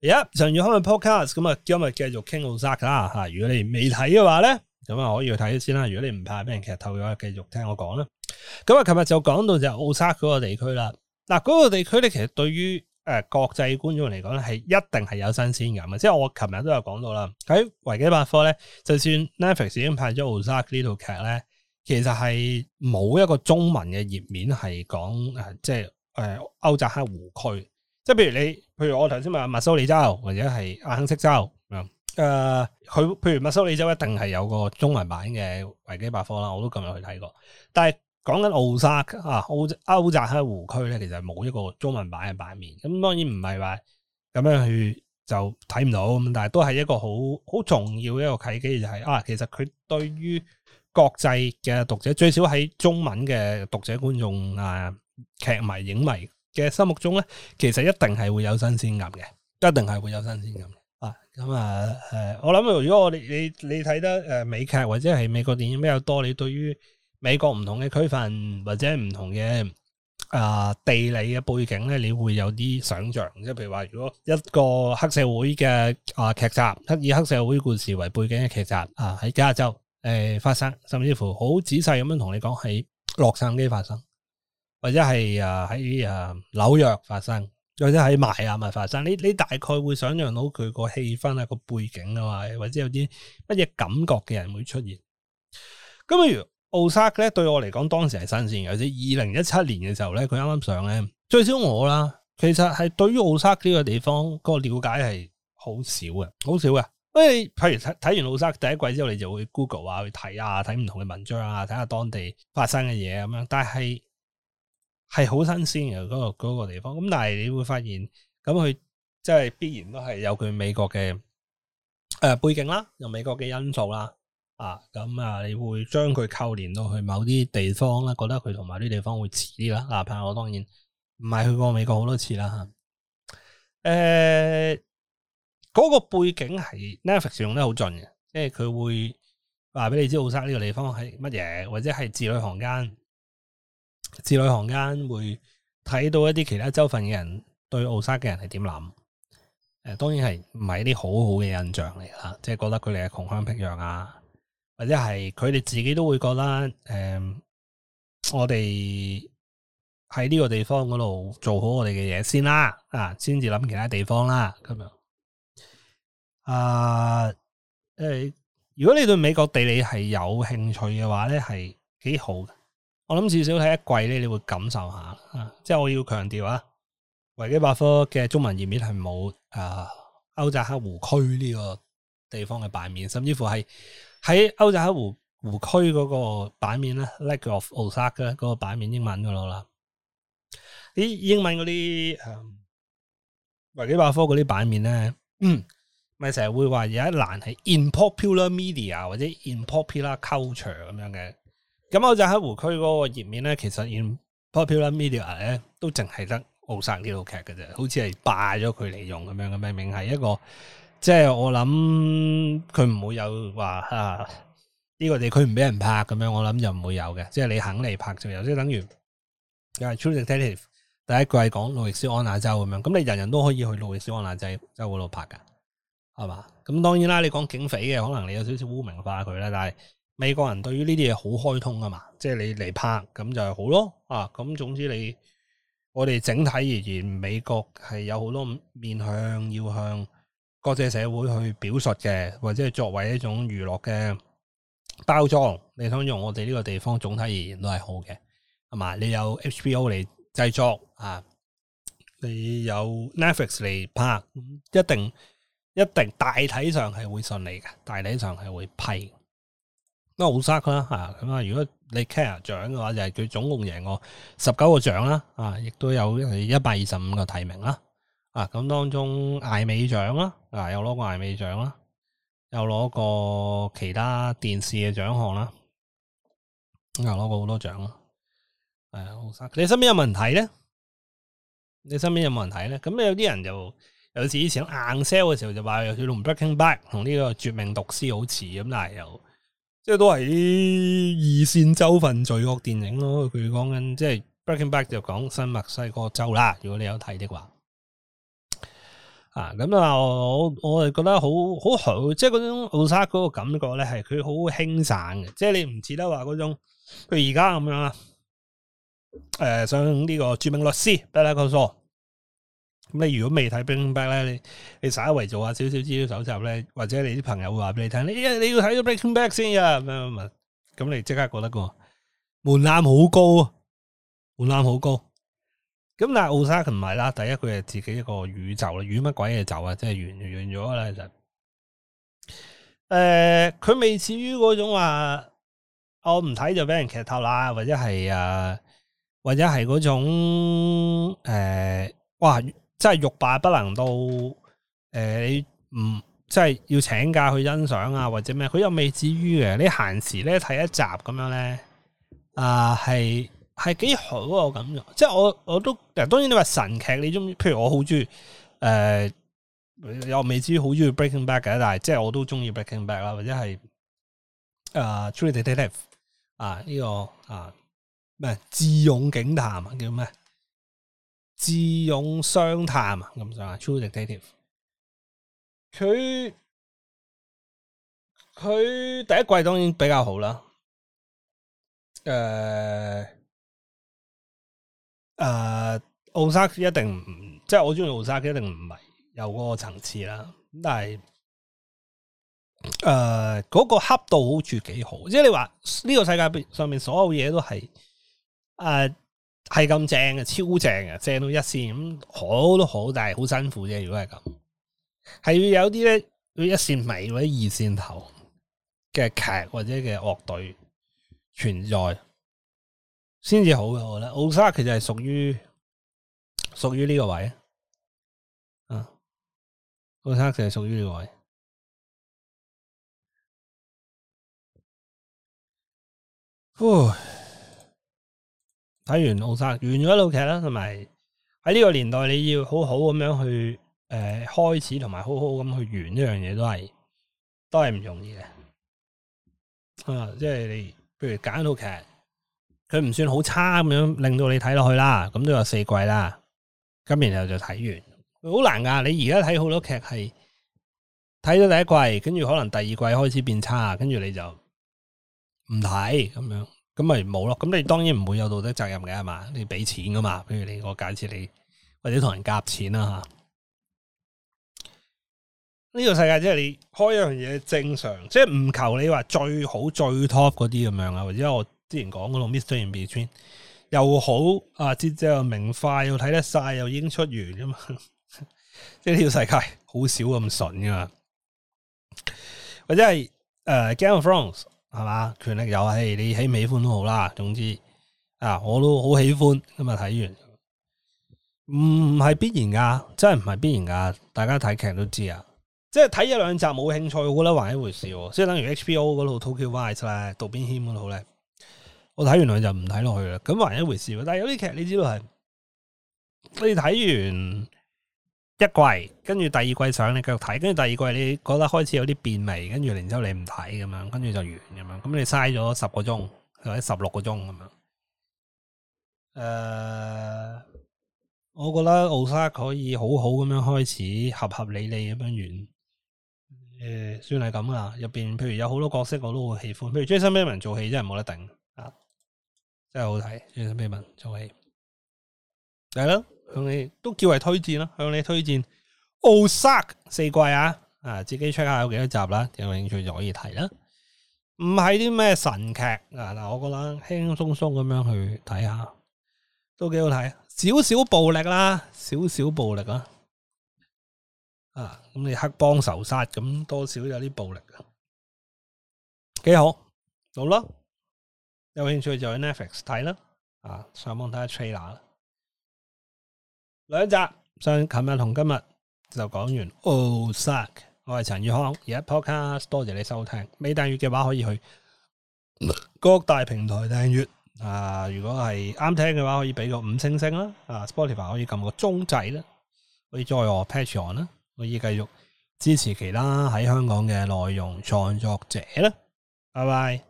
而家上月開咪 podcast，咁啊今日繼續傾奧 sak 啦吓。如果你未睇嘅話咧，咁啊可以去睇先啦。如果你唔怕俾人劇透嘅話，繼續聽我講啦。咁啊，琴日就講到就奧薩嗰個地區啦。嗱，嗰個地區咧，其實對於誒國際觀眾嚟講咧，係一定係有新鮮感嘅。即係我琴日都有講到啦。喺維基百科咧，就算 Netflix 已經拍咗奧 sak 呢套劇咧，其實係冇一個中文嘅頁面係講誒，即係誒歐扎克湖區。即係譬如你，譬如我頭先問密蘇里州或者係阿肯色州咁樣，誒、呃，佢譬如密蘇里州一定係有個中文版嘅維基百科啦，我都咁樣去睇過。但係講緊奧沙啊，奧歐扎克湖區咧，其實冇一個中文版嘅版面。咁當然唔係話咁樣去就睇唔到，但係都係一個好好重要嘅一個契機，就係，就係啊，其實佢對於國際嘅讀者，最少喺中文嘅讀者觀眾、啊、劇劇迷影迷，嘅心目中咧，其實一定係會有新鮮感嘅，一定係會有新鮮感嘅啊！咁、嗯、啊，誒、呃，我諗，如果我你你你睇得誒美劇或者係美國電影比較多，你對於美國唔同嘅區份或者唔同嘅啊、呃、地理嘅背景咧，你會有啲想像。即係譬如話，如果一個黑社會嘅啊劇集，以黑社會故事為背景嘅劇集啊，喺加州誒、呃、發生，甚至乎好仔細咁樣同你講喺洛杉磯發生。或者係啊喺啊紐約發生，或者喺邁阿密發生，你你大概會想像到佢個氣氛啊，個背景啊或者有啲乜嘢感覺嘅人會出現。咁譬如奧沙克咧，對我嚟講當時係新鮮，有啲二零一七年嘅時候咧，佢啱啱上咧，最少我啦，其實係對於奧沙克呢個地方個了解係好少嘅，好少嘅。因為譬如睇睇完奧沙克第一季之後，你就會 Google 啊去睇啊睇唔同嘅文章啊，睇下當地發生嘅嘢咁樣，但係。係好新鮮嘅，嗰個、那個地方，咁但係你會發現，咁佢即係必然都係有佢美國嘅誒、呃、背景啦，有美國嘅因素啦，啊咁啊你會將佢扣連到去某啲地方咧，覺得佢同埋啲地方會遲啲啦。嗱、啊，怕我當然唔係去過美國好多次啦吓。誒、啊，嗰、那個背景係 Netflix 用得好盡嘅，即係佢會話俾你知奧沙呢個地方係乜嘢，或者係字裏行間。字裏行間會睇到一啲其他州份嘅人對奧沙嘅人係點諗？誒、呃，當然係唔係一啲好好嘅印象嚟噶，即係覺得佢哋係窮鄉僻壤啊，或者係佢哋自己都會覺得誒、呃，我哋喺呢個地方嗰度做好我哋嘅嘢先啦，啊，先至諗其他地方啦，咁樣。啊，誒、呃，如果你對美國地理係有興趣嘅話咧，係幾好嘅。我諗至少睇一季咧，你會感受下。即係我要強調啊，維基百科嘅中文頁面係冇誒，歐、呃、扎克湖區呢個地方嘅版面，甚至乎係喺歐扎克湖湖區嗰個版面咧 Lake of the Ozarks 嘅嗰個版面，嗰個、版面英文嘅啦。啲英文嗰啲誒，呃、維基百科嗰啲版面咧，咪成日會話有一欄係 in popular media 或者 in popular culture 咁樣嘅。咁我就喺湖區嗰個頁面咧，其實 in popular media 咧都淨係得奧薩呢套劇嘅啫，好似係霸咗佢嚟用咁樣嘅，命名係一個即係、就是、我諗佢唔會有話啊呢、這個地區唔俾人拍咁樣，我諗就唔會有嘅。即、就、係、是、你肯嚟拍就有即係等於又係 True Detective。第一句係講路易斯安那州咁樣，咁你人人都可以去路易斯安那州州嗰度拍噶，係嘛？咁當然啦，你講警匪嘅，可能你有少少污名化佢啦，但係。美國人對於呢啲嘢，好開通噶嘛，即係你嚟拍咁就好咯，啊，咁總之你我哋整體而言，美國係有好多面向要向國際社會去表述嘅，或者作為一種娛樂嘅包裝，你想用我哋呢個地方，總體而言都係好嘅，係嘛？你有 HBO 嚟製作啊，你有 Netflix 嚟拍，一定一定大體上係會順利嘅，大體上係會批。都好塞啦，吓咁啊！如果你 care 獎嘅話，就係、是、佢總共贏我十九個獎啦，啊，亦都有係一百二十五個提名啦，啊，咁當中艾美獎啦，啊，又攞個艾美獎啦，又攞個其他電視嘅獎項啦，咁又攞過好多獎咯，係啊，好，你身邊有冇人睇咧？你身邊有冇人睇咧？咁有啲人，人就，有時以前硬 sell 嘅時候就話，佢似《Breaking Bad》同呢個《絕命毒師》好似咁，但係又。即係都係二線州份罪惡電影，他佢講緊，即係 Breaking Bad 就講新墨西哥州啦，如果你有睇的話，啊咁我我覺得好好好好即係嗰種老沙嗰個感覺是係佢好輕省嘅，即係你唔似得話嗰種佢而家咁樣啦。想、呃、呢個著名律師，Better Call Saul 咁你如果未睇 Breaking Back 咧，你你稍微做下少少資料搜集咧，或者你啲朋友會話俾你聽，你要睇到 Breaking Back 先啊，咁樣咁你即刻覺得個門檻好高啊，門檻好高。咁但係奧沙琴唔係啦，第一佢係自己一個宇宙啦，與乜鬼嘢就啊，即係完完咗啦，其實、就是。誒、呃，佢未至於嗰種話，我唔睇就俾人 i 劇透啦，或者係誒，或者係嗰種誒、呃，哇！即係欲罷不能到，誒、呃，唔即係要請假去欣賞啊，或者咩？佢又未至於嘅，你閒時咧睇一集咁樣咧，啊、呃，係係幾好啊咁樣。即係我我都、啊，當然你話神劇，你中意，譬如我好中意，誒、呃，又未至於好中意 Breaking Back 嘅，但係即係我都中意 Breaking Back 啦，或者係誒《呃、True Detective》啊呢、這個啊，咩《智勇警探》叫咩？智勇雙探啊，咁樣啊，True Detective 佢佢第一季當然比較好啦，誒、呃、誒，奧、呃、沙克一定唔即係我中意奧沙克一定唔係有個層次啦，咁但係誒嗰個恰到好處幾好，即係你話呢個世界上面所有嘢都係誒。呃係咁正嘅，超正嘅，正到一線咁，嗯，好都好，但係好辛苦啫。如果係咁，係要有啲咧，要一線尾或者二線頭嘅劇或者嘅樂隊存在，先至好嘅。我覺得奧沙其實係屬於屬於呢個位，啊，奧沙其實屬於呢個位。睇完老生完咗一套劇啦，同埋喺呢個年代，你要好好咁樣去誒、呃、開始，同埋好好咁去完呢樣嘢，都係都係唔容易嘅。啊，即係你譬如揀一套劇，佢唔算好差咁樣，令到你睇落去啦，咁都有四季啦。咁然後就睇完，好難噶。你而家睇好多劇係睇咗第一季，跟住可能第二季開始變差，跟住你就唔睇咁樣。咁咪冇咯，咁你當然唔會有道德責任嘅係嘛？你俾錢噶嘛？譬如我解你，我假設你或者同人夾錢啦吓，呢、 這個世界即係你開一樣嘢，正常，即係唔求你話最好最 top 嗰啲咁樣啊。或者我之前講嗰度 Mr. Inbetween 又好啊，即係又明快又睇得晒又已經出完啊嘛。即係呢個世界好少咁筍噶，或者係誒、uh, Game of Thrones。係嘛？權力遊戲，你喜唔喜歡都好啦，總之啊，我都好喜歡咁就睇完，唔係必然噶，真係唔係必然噶，大家睇劇都知啊。即係睇一兩集冇興趣，我覺得還一回事。即係等於 HBO 嗰套 Tokyo Vice 咧，渡邊謙咁好咧，我睇完兩集就唔睇落去啦。咁還一回事。但係有啲劇你知道係，你睇完。一季，跟住第二季上你繼續睇，跟住第二季你覺得開始有啲變味，跟住然之後你唔睇咁樣，跟住就完咁樣，咁你嘥咗十個鐘或者十六個鐘咁樣。誒，我覺得《奧沙》可以好好咁樣開始合合理理咁樣完。誒、呃，算係咁啦。入邊，譬如有好多角色我都好喜歡，譬如 Jason Bateman 做戲真係冇得頂啊，真係好睇。Jason Bateman 做戲係啦向你都叫為推薦啦。向你推薦《Ozark 四季》啊！啊，自己 check 下有幾多集啦，有，有興趣就可以睇啦。唔係啲咩神劇啊！嗱，我覺得輕輕鬆鬆咁樣去睇下，都幾好睇，少少暴力啦，少少暴力啦。啊，咁你黑幫仇殺咁，多少有啲暴力啊，幾好，好啦。有，有興趣就去 Netflix 睇啦，啊，上網睇下 trailer 啦。兩集，上琴日同今日就講完。Oh,、哦、suck！我係陳宇康，而家 podcast 多謝你收聽。未訂閱嘅話可以去各大平台訂閱啊。如果係啱聽嘅話，可以畀個五星星啦。啊，Spotify 可以撳個鐘掣啦，可以再我 Patreon 啦，可以繼續支持其他喺香港嘅內容創作者啦。拜拜。